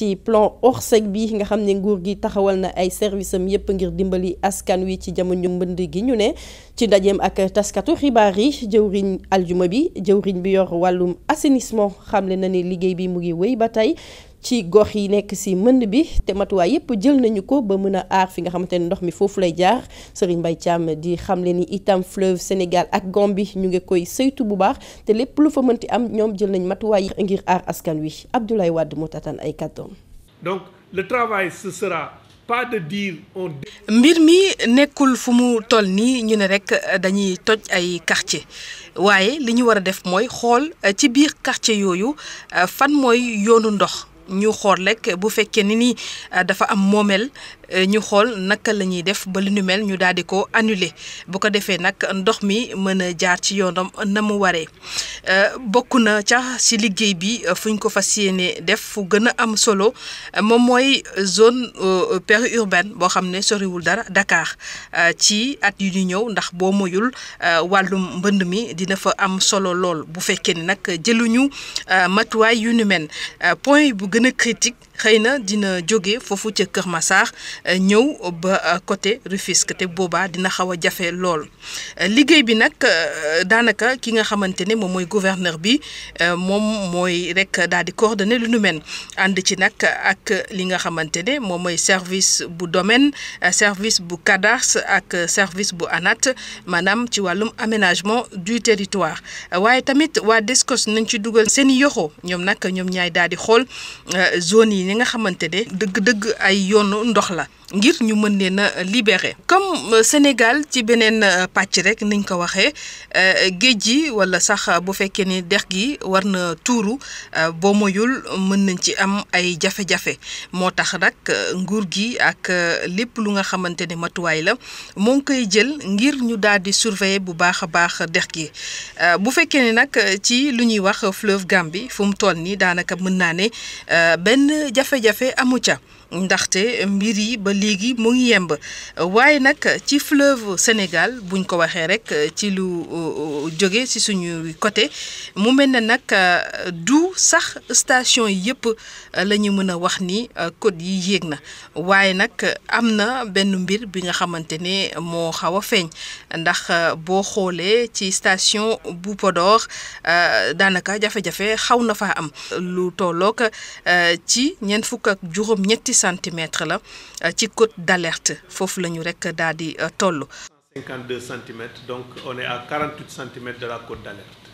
ci plan orsec bi nga xam ne nguur gi taxawal na ay service am yëpp ngir dimbali askan wi ci jamono mbënd gi ñu ne ci ndajeem ak taskatu xibaar yi jëwriñ aljuma bi jëwriñ bi yor wàllum assainissement xamle na ne liggéey bi mu ngi wéy ba tey ci gox yi nekk si mënd bi te matuwaay yëpp jël nañu ko ba mën a aar fi nga xamante ne ndox mi foofu lay jaar Serigne Mbaye Thiam di xamle ni itam fleuve Sénégal ak Gambie ñu ngi koy saytu bu baax te lépp lu fa mënti am ñoom jël nañ matuwaay ngir aar askan wi Abdoulaye wadd moo tataan ay kàddoom. donc le mi nekkul fu mu toll nii ñu rek dañuy toj ay quartier waaye li ñu war a def mooy xool ci biir karce yooyu fan mooy yoonu ndox ñu xool rek bu fekkee ni ni euh, dafa am moomeel euh, ñu xool naka la ñuy def ba lu nu mel ñu daal di ko annuler bu ko defee nag ndox mi mën a jaar ci yoonam na mu waree. Euh, bokk na ca ci liggéey bi euh, fuñ ko fa yéene def fu gën a am solo euh, moom mooy zone périurbaine boo xam ne soriwul dara dakaar ci at yu ñu ñëw ndax boo moyul wàllum mbënd mi dina fa am solo lool bu fekkee ni nag jëluñu matuwaay yu ni mel point bu gën a critique xëy na dina jóge foofu ca Kër Massar eh, ñëw ba eh, côté Rufisque te boobaa dina xaw a jafe lool eh, liggéey bi nag daanaka ki nga xamante ne moom mooy gouverneur bi moom mooy rek daal di coordonné lu nu ànd ci nag ak li nga xamante ne moom mooy service bu domaine service bu cadastre ak service bu ANAT maanaam ci wàllum aménagement du territoire waaye tamit waa DESCOS nañ ci dugal seen i yoxo ñoom nag ñoom ñaay daal di xool zone yi yi nga xamante ne dëgg-dëgg ay yoonu ndox la ngir ñu mën leen a libéré comme euh, Sénégal ci beneen euh, pàcc rek niñ ko waxee euh, géej gi wala sax bu fekkee ni dex gi war na tuuru boo moyul mën nañ ci am ay jafe-jafe moo tax nag nguur gi ak lépp lu nga xamante ne matuwaay la moo ngi koy jël ngir ñu daal di surveiller bu baax a baax dex gi bu fekkee ni nag ci lu ñuy wax fleuve Gambie fu mu toll nii daanaka mën naa ne benn jafe-jafe amu ca ndaxte mbir yi ba léegi mu ngi yemb waaye nag ci fleuve Sénégal buñ ko waxee rek ci lu jóge ci suñu côté mu mel ne nag du sax station yëpp la ñu mën a wax ni code yi yéeg na waaye nag am na benn mbir bi nga xamante ne moo xaw a feeñ ndax boo xoolee ci station bu Podor euh, daanaka jafe-jafe xaw na fa am lu tollook euh, ci ñeent fukk ak juróom-ñetti. centimètres la euh, ci côte d'alerte foofu la ñu rek daal di euh, toll. 52 centimètres donc on est à 48 centimètres de la côte d'alerte.